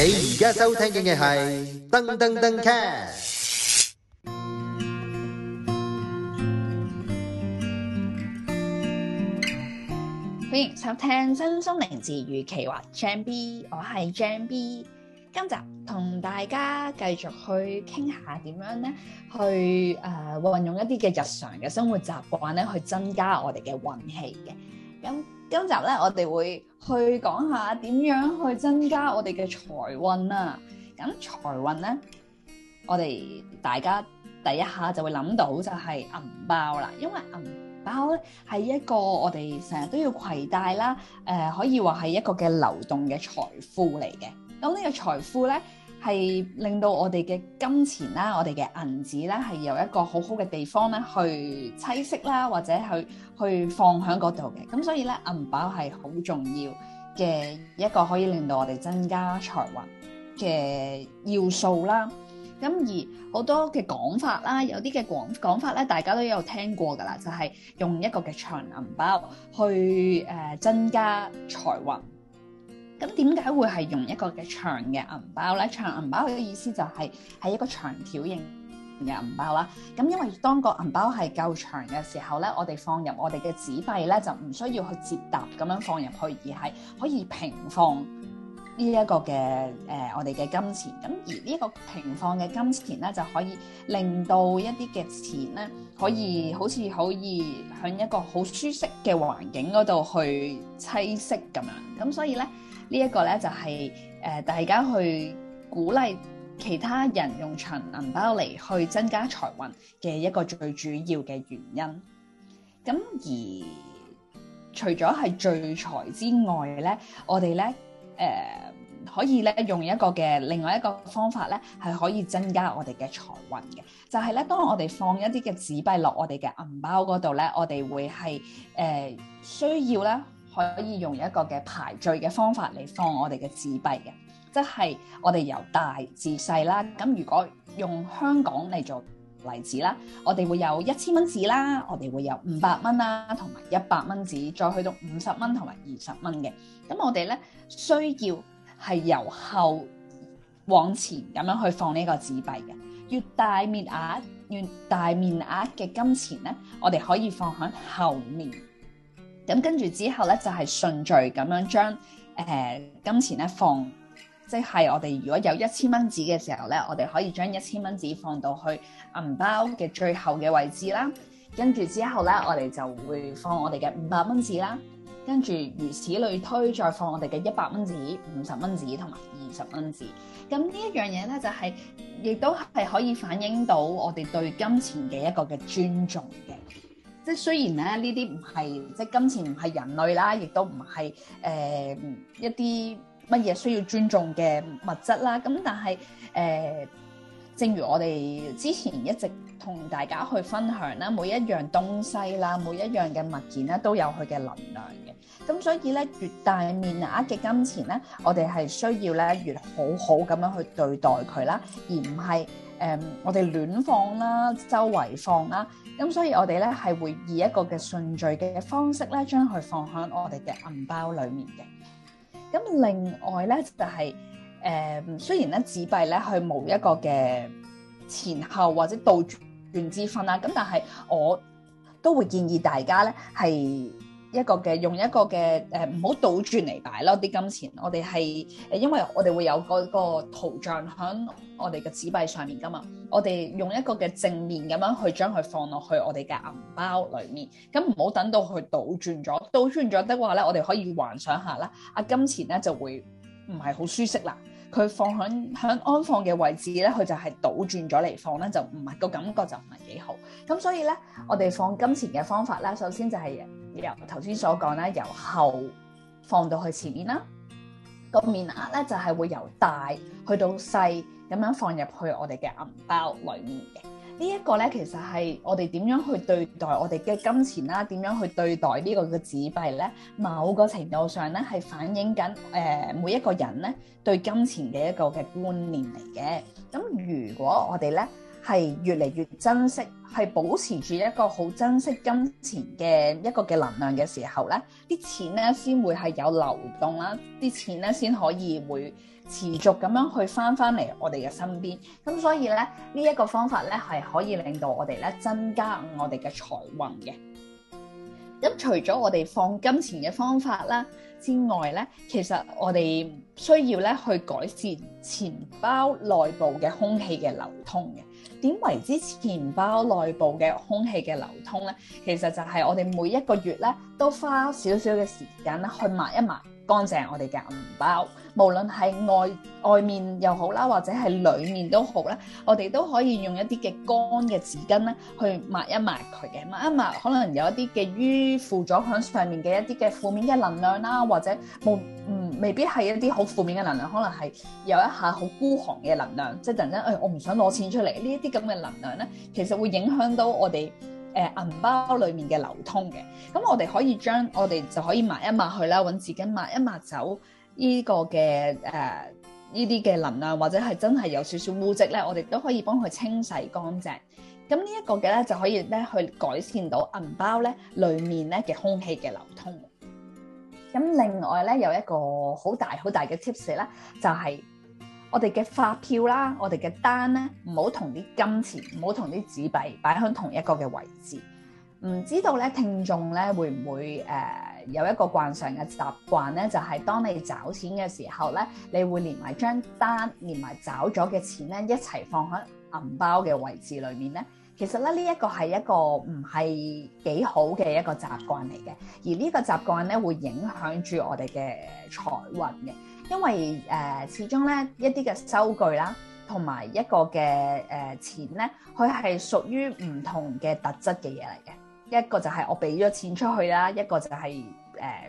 你而家收聽嘅係噔噔噔 cast，歡迎收聽《新松靈智語奇話》Jam B，我係 Jam B，今集同大家繼續去傾下點樣咧，去誒運用一啲嘅日常嘅生活習慣咧，去增加我哋嘅運氣嘅。咁今集咧，我哋會去講下點樣去增加我哋嘅財運啊！咁財運咧，我哋大家第一下就會諗到就係銀包啦，因為銀包咧係一個我哋成日都要攜帶啦，誒、呃，可以話係一個嘅流動嘅財富嚟嘅。咁呢個財富咧。係令到我哋嘅金錢啦，我哋嘅銀紙啦，係由一個好好嘅地方咧去棲息啦，或者去去放喺嗰度嘅。咁所以咧，銀包係好重要嘅一個可以令到我哋增加財運嘅要素啦。咁而好多嘅講法啦，有啲嘅講講法咧，大家都有聽過㗎啦，就係、是、用一個嘅長銀包去誒、呃、增加財運。咁點解會係用一個嘅長嘅銀包咧？長銀包佢嘅意思就係、是、係一個長條形嘅銀包啦。咁因為當個銀包係夠長嘅時候咧，我哋放入我哋嘅紙幣咧，就唔需要去折疊咁樣放入去，而係可以平放呢一個嘅誒、呃、我哋嘅金錢。咁而呢一個平放嘅金錢咧，就可以令到一啲嘅錢咧，可以好似可以向一個好舒適嘅環境嗰度去棲息咁樣。咁所以咧。呢一個咧就係誒，大家去鼓勵其他人用長銀包嚟去增加財運嘅一個最主要嘅原因。咁而除咗係聚財之外咧，我哋咧誒，可以咧用一個嘅另外一個方法咧，係可以增加我哋嘅財運嘅，就係、是、咧當我哋放一啲嘅紙幣落我哋嘅銀包嗰度咧，我哋會係誒、呃、需要咧。可以用一個嘅排序嘅方法嚟放我哋嘅紙幣嘅，即係我哋由大至細啦。咁如果用香港嚟做例子啦，我哋會有一千蚊紙啦，我哋會有五百蚊啦，同埋一百蚊紙，再去到五十蚊同埋二十蚊嘅。咁我哋呢需要係由後往前咁樣去放呢個紙幣嘅，越大面額越大面額嘅金錢呢，我哋可以放喺後面。咁跟住之後咧，就係、是、順序咁樣將誒金錢咧放，即係我哋如果有一千蚊紙嘅時候咧，我哋可以將一千蚊紙放到去銀包嘅最後嘅位置啦。跟住之後咧，我哋就會放我哋嘅五百蚊紙啦。跟住如此類推，再放我哋嘅一百蚊紙、五十蚊紙同埋二十蚊紙。咁、嗯、呢一樣嘢咧，就係、是、亦都係可以反映到我哋對金錢嘅一個嘅尊重嘅。即係雖然咧，呢啲唔係即係金錢唔係人類啦，亦都唔係誒一啲乜嘢需要尊重嘅物質啦。咁但係誒、呃，正如我哋之前一直同大家去分享啦，每一樣東西啦，每一樣嘅物件咧，都有佢嘅能量嘅。咁所以咧，越大面額嘅金錢咧，我哋係需要咧越好好咁樣去對待佢啦，而唔係。誒，um, 我哋亂放啦，周圍放啦，咁、嗯、所以我哋咧係會以一個嘅順序嘅方式咧，將佢放喺我哋嘅銀包裡面嘅。咁、嗯、另外咧就係、是、誒、嗯，雖然咧紙幣咧佢冇一個嘅前後或者倒轉之分啦，咁、嗯、但係我都會建議大家咧係一個嘅用一個嘅，誒，唔好倒轉嚟擺咯啲金錢，我哋係誒，因為我哋會有嗰、嗰個嗰個圖像響我哋嘅紙幣上面噶嘛，我哋用一個嘅正面咁樣去將佢放落去我哋嘅銀包裡面，咁唔好等到佢倒轉咗，倒轉咗的話咧，我哋可以幻想下啦，啊，金錢咧就會唔係好舒適啦。佢放響響安放嘅位置咧，佢就係倒轉咗嚟放咧，就唔係個感覺就唔係幾好。咁所以咧，我哋放金錢嘅方法啦，首先就係由頭先所講啦，由後放到去前面啦。個面額咧就係會由大去到細咁樣放入去我哋嘅銀包裡面嘅。呢一個咧，其實係我哋點樣去對待我哋嘅金錢啦，點樣去對待個幣呢個嘅紙幣咧，某個程度上咧係反映緊誒、呃、每一個人咧對金錢嘅一個嘅觀念嚟嘅。咁如果我哋咧，係越嚟越珍惜，係保持住一個好珍惜金錢嘅一個嘅能量嘅時候咧，啲錢咧先會係有流動啦，啲錢咧先可以會持續咁樣去翻翻嚟我哋嘅身邊。咁所以咧呢一、這個方法咧係可以令到我哋咧增加我哋嘅財運嘅。咁、嗯、除咗我哋放金錢嘅方法啦之外咧，其實我哋需要咧去改善錢包內部嘅空氣嘅流通嘅。點為之錢包內部嘅空氣嘅流通咧？其實就係我哋每一個月咧都花少少嘅時間咧去抹一抹乾淨我哋嘅銀包，無論係外外面又好啦，或者係裡面都好啦，我哋都可以用一啲嘅乾嘅紙巾咧去抹一抹佢嘅，抹一抹可能有一啲嘅淤附咗喺上面嘅一啲嘅負面嘅能量啦，或者冇。未必係一啲好負面嘅能量，可能係有一下好孤寒嘅能量，即係突然間，誒、哎，我唔想攞錢出嚟呢一啲咁嘅能量咧，其實會影響到我哋誒銀包裡面嘅流通嘅。咁我哋可以將我哋就可以抹一抹去啦，揾紙巾抹一抹走呢個嘅誒呢啲嘅能量，或者係真係有少少污跡咧，我哋都可以幫佢清洗乾淨。咁呢一個嘅咧就可以咧去改善到銀包咧裡面咧嘅空氣嘅流通。咁另外咧有一個好大好大嘅 tips 咧，就係、是、我哋嘅發票啦，我哋嘅單咧，唔好同啲金錢，唔好同啲紙幣擺喺同一個嘅位置。唔知道咧，聽眾咧會唔會誒、呃、有一個慣常嘅習慣咧，就係、是、當你找錢嘅時候咧，你會連埋張單，連埋找咗嘅錢咧一齊放喺銀包嘅位置裏面咧。其實咧，呢、這個、一個係一個唔係幾好嘅一個習慣嚟嘅，而個習慣呢個習慣咧會影響住我哋嘅財運嘅，因為誒、呃、始終咧一啲嘅收據啦，同埋一個嘅誒、呃、錢咧，佢係屬於唔同嘅特質嘅嘢嚟嘅，一個就係我俾咗錢出去啦，一個就係誒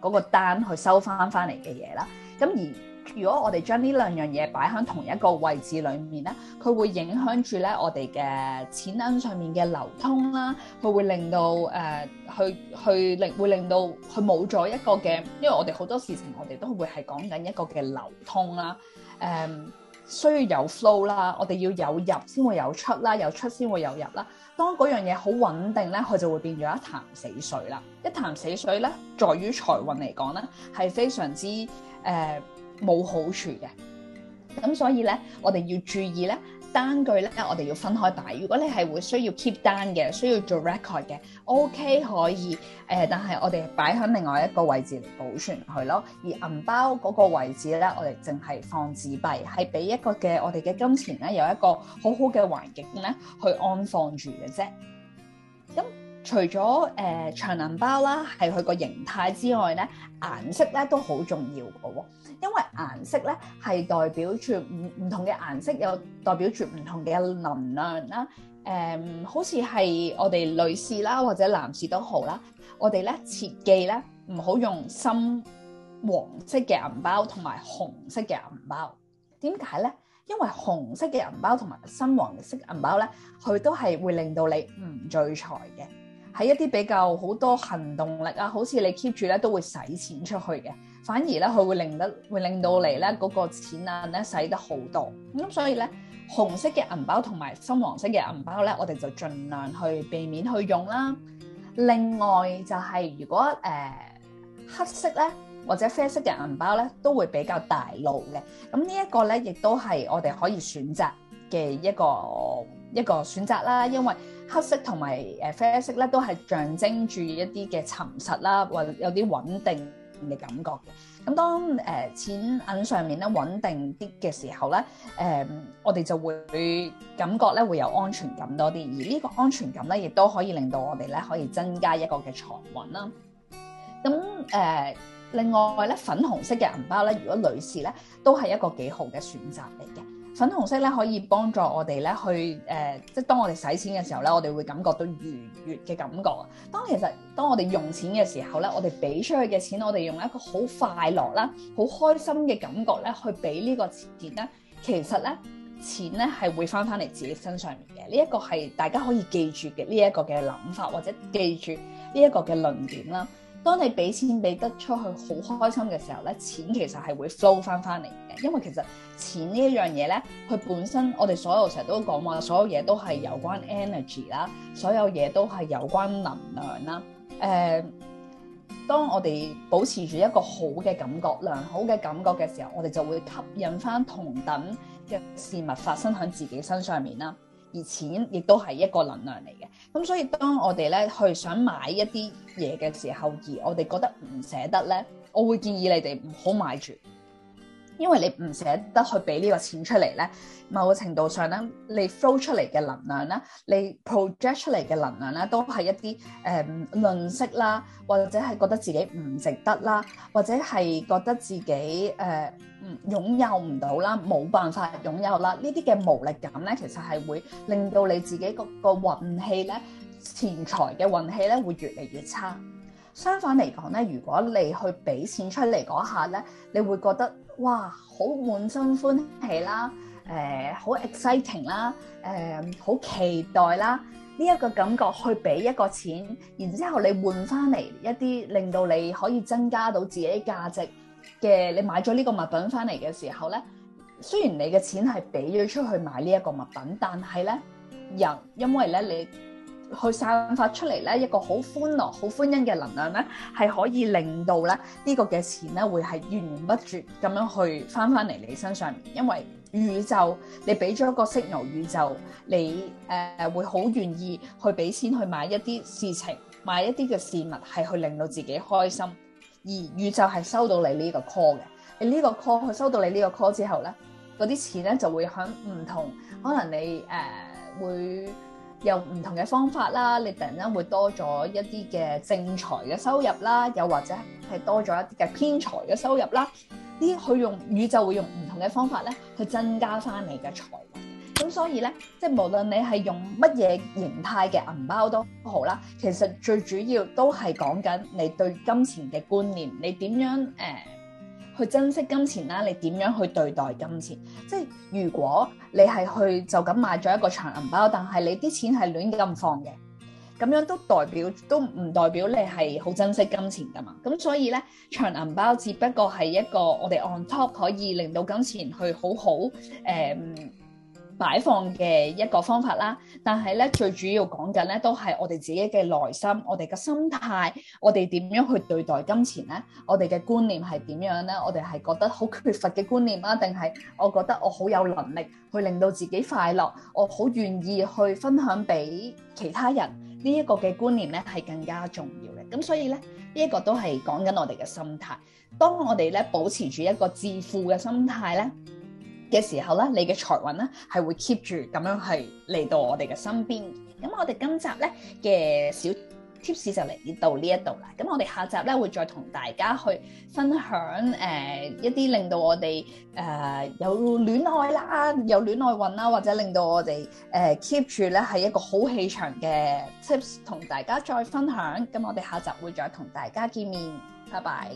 嗰個單去收翻翻嚟嘅嘢啦，咁、嗯、而。如果我哋將呢兩樣嘢擺喺同一個位置裏面，呢佢會影響住呢，我哋嘅錢銀上面嘅流通啦。佢會令到誒、呃、去去令會令到佢冇咗一個嘅，因為我哋好多事情我哋都會係講緊一個嘅流通啦。誒、呃、需要有 flow 啦，我哋要有入先會有出啦，有出先會有入啦。當嗰樣嘢好穩定呢，佢就會變咗一潭死水啦。一潭死水呢，在於財運嚟講呢，係非常之誒、呃冇好處嘅，咁所以咧，我哋要注意咧，單據咧，我哋要分開擺。如果你係會需要 keep 單嘅，需要做 record 嘅，OK 可以誒、呃，但係我哋擺喺另外一個位置嚟保存佢咯。而銀包嗰個位置咧，我哋淨係放紙幣，係俾一個嘅我哋嘅金錢咧，有一個好好嘅環境咧去安放住嘅啫。咁、嗯。除咗誒長銀包啦，係佢個形態之外咧，顏色咧都好重要嘅喎，因為顏色咧係代表住唔唔同嘅顏色又代表住唔同嘅能量啦。誒，好似係我哋女士啦或者男士都好啦，我哋咧切忌咧唔好用深黃色嘅銀包同埋紅色嘅銀包。點解咧？因為紅色嘅銀包同埋深黃色銀包咧，佢都係會令到你唔聚財嘅。喺一啲比較好多行動力啊，好似你 keep 住咧都會使錢出去嘅，反而咧佢會令得會令到你咧嗰、那個錢啊咧使得好多，咁所以咧紅色嘅銀包同埋深黃色嘅銀包咧，我哋就盡量去避免去用啦。另外就係、是、如果誒、呃、黑色咧或者啡色嘅銀包咧，都會比較大路嘅，咁呢一個咧亦都係我哋可以選擇嘅一個一個選擇啦，因為黑色同埋誒啡色咧都係象徵住一啲嘅沉實啦，或者有啲穩定嘅感覺嘅。咁當誒、呃、錢銀上面咧穩定啲嘅時候咧，誒、呃、我哋就會感覺咧會有安全感多啲，而呢個安全感咧亦都可以令到我哋咧可以增加一個嘅財運啦。咁誒、呃、另外咧粉紅色嘅銀包咧，如果女士咧都係一個幾好嘅選擇嚟嘅。粉紅色咧可以幫助我哋咧去誒、呃，即係當我哋使錢嘅時候咧，我哋會感覺到愉悅嘅感覺。當其實當我哋用錢嘅時候咧，我哋俾出去嘅錢，我哋用一個好快樂啦、好開心嘅感覺咧去俾呢個錢咧，其實咧錢咧係會返返嚟自己身上面嘅。呢、這、一個係大家可以記住嘅呢一個嘅諗法，或者記住呢一個嘅論點啦。當你俾錢俾得出去好開心嘅時候咧，錢其實係會 flow 翻翻嚟嘅，因為其實錢呢一樣嘢咧，佢本身我哋所有成日都講話，所有嘢都係有關 energy 啦，所有嘢都係有關能量啦。誒、呃，當我哋保持住一個好嘅感覺、良好嘅感覺嘅時候，我哋就會吸引翻同等嘅事物發生喺自己身上面啦。而錢亦都係一個能量嚟嘅，咁所以當我哋咧去想買一啲嘢嘅時候，而我哋覺得唔捨得咧，我會建議你哋唔好買住。因為你唔捨得去俾呢個錢出嚟咧，某個程度上咧，你 flow 出嚟嘅能量咧，你 project 出嚟嘅能量咧，都係一啲誒吝嗇啦，或者係覺得自己唔值得啦，或者係覺得自己誒唔擁有唔到啦，冇辦法擁有啦，呢啲嘅無力感咧，其實係會令到你自己個運氣咧、錢財嘅運氣咧，會越嚟越差。相反嚟講咧，如果你去俾錢出嚟嗰下咧，你會覺得哇，好滿心歡喜啦，誒，好 exciting 啦，誒，好期待啦，呢一個感覺去俾一個錢，然之後你換翻嚟一啲令到你可以增加到自己價值嘅，你買咗呢個物品翻嚟嘅時候咧，雖然你嘅錢係俾咗出去買呢一個物品，但係咧，人因為咧你，去散發出嚟咧一個好歡樂、好歡欣嘅能量咧，係可以令到咧呢個嘅錢咧會係源源不絕咁樣去翻翻嚟你身上面，因為宇宙你俾咗一個 signal，宇宙，你誒、呃、會好願意去俾錢去買一啲事情，買一啲嘅事物係去令到自己開心，而宇宙係收到你呢個 call 嘅，你呢個 call 佢收到你呢個 call 之後咧，嗰啲錢咧就會喺唔同可能你誒、呃、會。有唔同嘅方法啦，你突然間會多咗一啲嘅正財嘅收入啦，又或者係多咗一啲嘅偏財嘅收入啦，呢佢用宇宙會用唔同嘅方法咧去增加翻你嘅財運，咁所以咧即係無論你係用乜嘢形態嘅銀包都好啦，其實最主要都係講緊你對金錢嘅觀念，你點樣誒、呃去珍惜金錢啦、啊，你點樣去對待金錢？即係如果你係去就咁買咗一個長銀包，但係你啲錢係亂咁放嘅，咁樣都代表都唔代表你係好珍惜金錢㗎嘛？咁所以呢，長銀包只不過係一個我哋 on top 可以令到金錢去好好誒，呃擺放嘅一個方法啦，但係咧最主要講緊咧都係我哋自己嘅內心，我哋嘅心態，我哋點樣去對待金錢呢？我哋嘅觀念係點樣呢？我哋係覺得好缺乏嘅觀念啦，定係我覺得我好有能力去令到自己快樂，我好願意去分享俾其他人呢一個嘅觀念呢係更加重要嘅。咁所以呢，呢一個都係講緊我哋嘅心態。當我哋咧保持住一個致富嘅心態呢，嘅時候咧，你嘅財運咧係會 keep 住咁樣係嚟到我哋嘅身邊。咁我哋今集咧嘅小 tips 就嚟到呢一度啦。咁我哋下集咧會再同大家去分享誒、呃、一啲令到我哋誒、呃、有戀愛啦，有戀愛運啦，或者令到我哋誒 keep 住咧係一個好氣場嘅 tips，同大家再分享。咁我哋下集會再同大家見面。拜拜。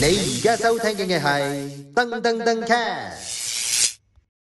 你而家收聽緊嘅係噔噔噔 cast。